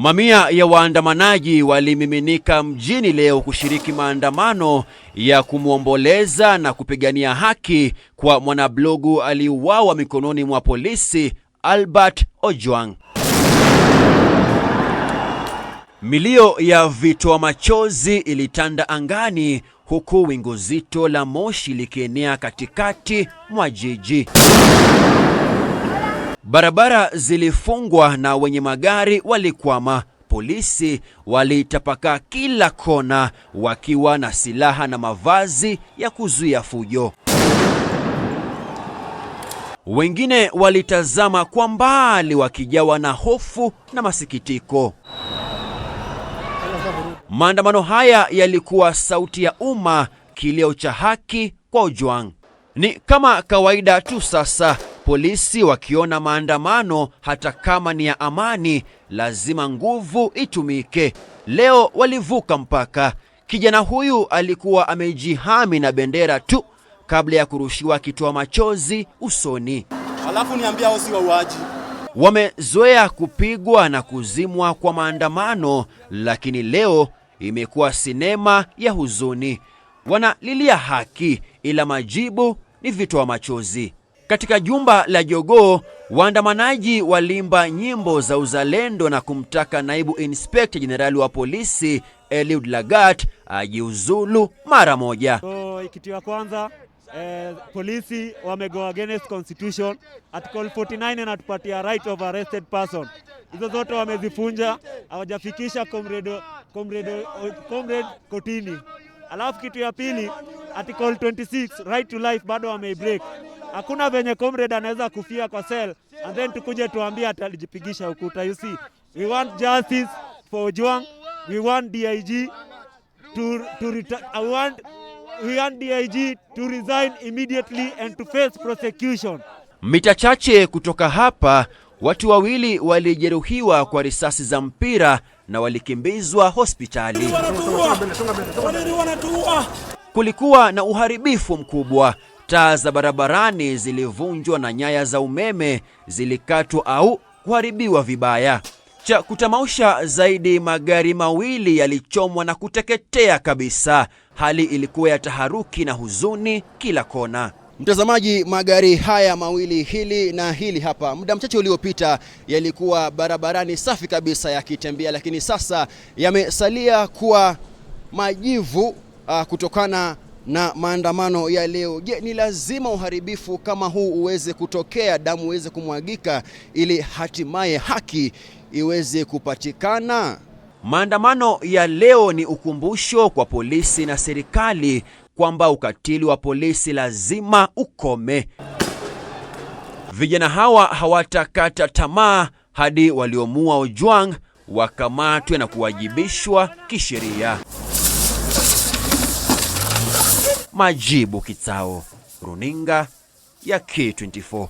Mamia ya waandamanaji walimiminika mjini leo kushiriki maandamano ya kumwomboleza na kupigania haki kwa mwanablogu aliuawa mikononi mwa polisi Albert Ojwang. Milio ya vitoa machozi ilitanda angani huku wingu zito la moshi likienea katikati mwa jiji. Barabara zilifungwa na wenye magari walikwama. Polisi walitapakaa kila kona wakiwa na silaha na mavazi ya kuzuia fujo. Wengine walitazama kwa mbali wakijawa na hofu na masikitiko. Maandamano haya yalikuwa sauti ya umma, kilio cha haki kwa Ojwang. Ni kama kawaida tu sasa polisi wakiona maandamano hata kama ni ya amani, lazima nguvu itumike. Leo walivuka mpaka. Kijana huyu alikuwa amejihami na bendera tu kabla ya kurushiwa kitoa machozi usoni. Alafu niambia wao wauaji. Wamezoea kupigwa na kuzimwa kwa maandamano, lakini leo imekuwa sinema ya huzuni. Wanalilia haki, ila majibu ni vitoa machozi. Katika jumba la Jogoo, waandamanaji walimba nyimbo za uzalendo na kumtaka naibu inspekta jenerali wa polisi Eliud Lagat ajiuzulu mara moja. So, kitu ya kwanza eh, polisi wamego against constitution article 49 anatupatia right of arrested person. Hizo zote wamezifunja, hawajafikisha comrade comrade comrade kotini. Alafu kitu ya pili article 26 right to life bado wameibreak Hakuna venye comrade anaweza kufia kwa cell and then tukuje tuambie atalijipigisha ukuta. You see, we want justice for Ojwang. We want DIG to, to return. I want we want DIG to resign immediately and to face prosecution. Mita chache kutoka hapa watu wawili walijeruhiwa kwa risasi za mpira na walikimbizwa hospitali. Kulikuwa na uharibifu mkubwa. Taa za barabarani zilivunjwa na nyaya za umeme zilikatwa au kuharibiwa vibaya. Cha kutamausha zaidi, magari mawili yalichomwa na kuteketea kabisa. Hali ilikuwa ya taharuki na huzuni kila kona. Mtazamaji, magari haya mawili, hili na hili hapa, muda mchache uliopita yalikuwa barabarani safi kabisa yakitembea, lakini sasa yamesalia kuwa majivu uh, kutokana na maandamano ya leo. Je, ni lazima uharibifu kama huu uweze kutokea, damu uweze kumwagika ili hatimaye haki iweze kupatikana? Maandamano ya leo ni ukumbusho kwa polisi na serikali kwamba ukatili wa polisi lazima ukome. Vijana hawa hawatakata tamaa hadi waliomua Ojwang' wakamatwe na kuwajibishwa kisheria. Majibu Kitao, runinga ya K24.